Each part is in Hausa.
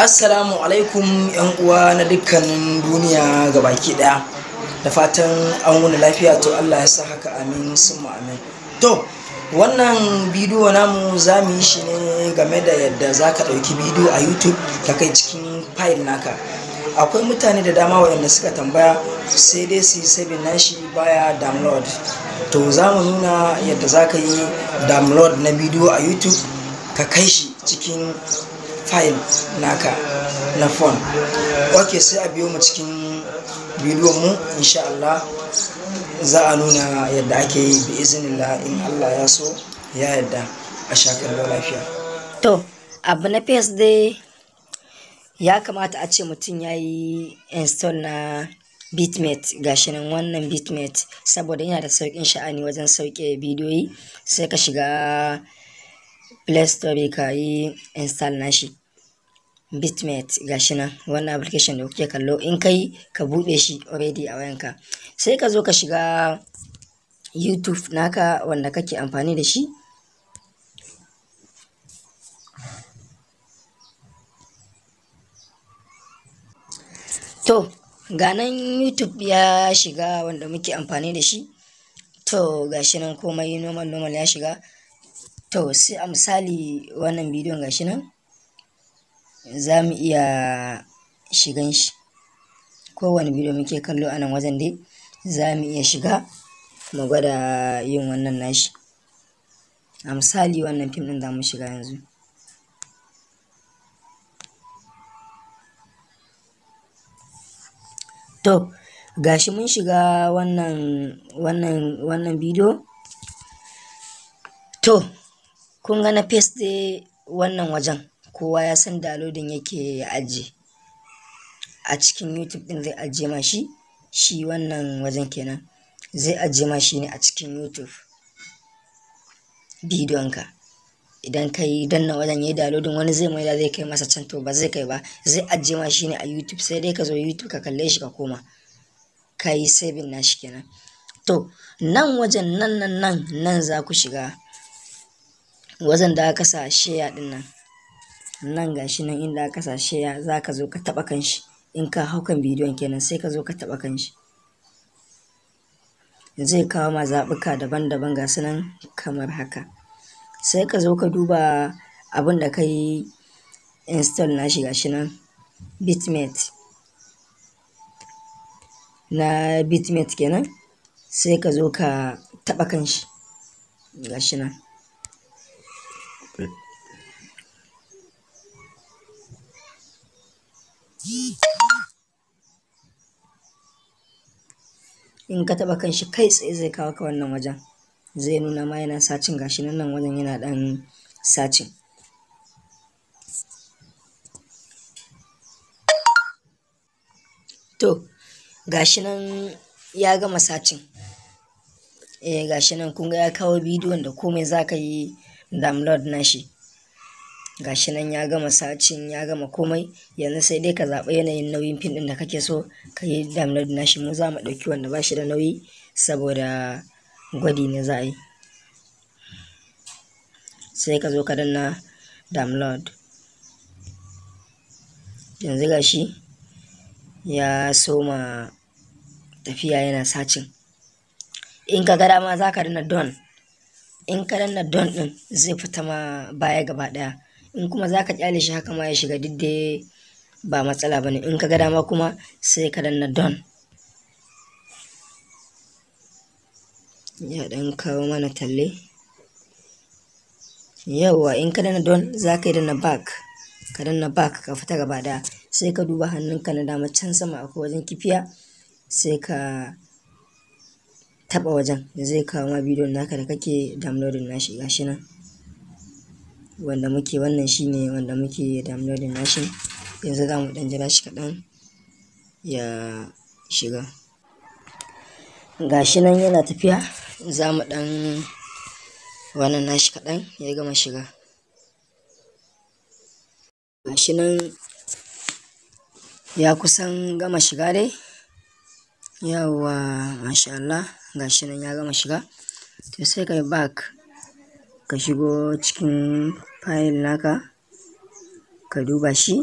assalamu alaikum yan uwa na dukkanin duniya ga baki ɗaya da fatan an wuni lafiya to allah ya sa haka amin sun amin to wannan bidiyo namu za mu yi shi ne game da yadda za ka ɗauki bidiyo a youtube ka kai cikin fayil naka akwai mutane da dama waɗanda suka tambaya sai dai su yi sabin nashi baya download to za mu nuna yadda za ka yi download na bidiyo a youtube ka kai shi cikin fayil naka na phone ok sai a biyo mu cikin bidiyon mu insha Allah za a nuna yadda ake yi bi izinillah in Allah ya so ya yadda a shakar lafiya to abu na face dai ya kamata a ce mutum ya yi install na bitmate gashi nan wannan bitmate saboda yana da saukin sha'ani wajen sauke bidiyoyi sai ka shiga play store ka yi install nashi bitmate shi nan wannan application da kuke kallo in kai ka buɗe shi already a wayanka sai ka zo ka shiga youtube naka wanda kake amfani da shi to ga youtube ya shiga wanda muke amfani da shi to shi nan komai normal normal ya shiga to sai a misali wannan bidiyon shi nan za mu iya shigan shi kowane bidiyo muke kallo a nan wajen dai za mu iya shiga mu gwada yin wannan nashi a misali wannan fim ɗin za mu shiga yanzu to gashi mun shiga wannan wannan wannan bidiyo to kun ga na paste wannan wajen kowa ya san dalodin yake ya ajiye a cikin youtube din zai ajiye ma shi wannan wajen kenan zai ajiye ma shi ne a cikin youtube bidiyonka idan kayi danna wajen yayi dalodin wani zai maida zai kai masa can to ba zai kai ba zai ajiye ma shi ne a youtube sai dai ka zo youtube ka kalle shi ka koma ka yi saving nashi kenan to nan wajen nan nan nan nan za ku shiga wajen da aka sa share din nan nan shi nan inda aka sa ya za ka zo ka taɓa kan shi in ka hau kan bidiyon kenan sai ka zo ka taɓa kan shi zai kawo ma zaɓuka daban-daban ga su nan kamar haka sai ka zo ka duba abin da ka yi install nashi shi nan bitmate na bitmate kenan sai ka zo ka taɓa kan shi shi nan in ka taɓa kan shi kai tsaye zai kawo ka wannan wajen zai nuna ma yana sacin gashi nan nan wajen yana ɗan sacin to gashi nan ya gama sacin eh gashi nan kun ga ya kawo bidiyon da komai za ka yi download na shi gashi nan ya gama sacin ya gama komai yanzu sai dai ka zaɓi yanayin nauyin fim ɗin da kake so ka yi da nashi mu za mu ɗauki wanda ba shi da nauyi saboda gwadi ne za a yi sai ka zo ka danna download yanzu gashi ya soma tafiya yana sacin in ka ga dama za ka danna don in ka danna don ɗin zai fita ma baya gaba ɗaya in kuma za ka kyale shi haka ma ya shiga duk da ba matsala ba ne in ka ga dama kuma sai ka danna don ya dan kawo mana talle yawwa in ka danna don za ka yi danna back ka danna back ka fita gaba da sai ka duba hannunka na dama can sama akwai wajen kifiya sai ka taba wajen zai kawo ma bidiyon naka da kake downloading nashi gashi nan wanda muke wannan shine wanda muke downloading nashi yanzu za mu ɗan jira shi kaɗan ya shiga gashi nan yana tafiya za mu ɗan wannan nashi kaɗan ya gama shiga gashi nan ya kusan gama shiga dai yawwa masha Allah gashi nan ya gama shiga to sai kai back ka shigo cikin fayil naka ka duba shi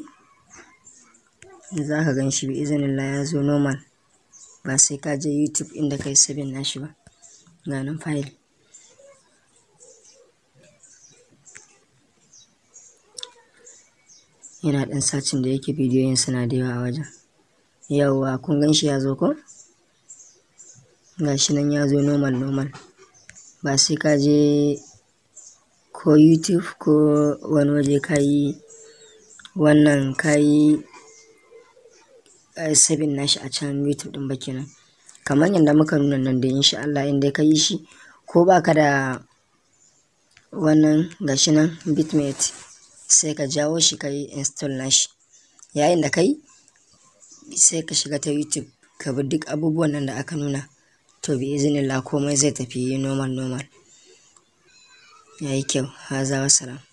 za ka gan shi bi Allah ya zo normal ba sai ka je youtube inda ka yi sabin nashi ba ga nan fayil yana ɗan sacin da yake bidiyoyin suna da yawa a wajen yawwa kun gan shi ya zo ko ga shi nan ya zo normal normal ba sai ka je ko youtube ko wani waje ka yi wannan ka yi eh, sabin nashi a can youtube din baki nan kamar yadda muka nuna nan da insha Allah in dai ka yi shi ko ba ka da wannan gashi nan bitmate sai ka jawo shi ka yi install nashi yayin da ka yi sai ka shiga ta youtube ka bi duk abubuwan nan da aka nuna to bi izinin la komai zai tafi normal normal yayi kyau wa wassalam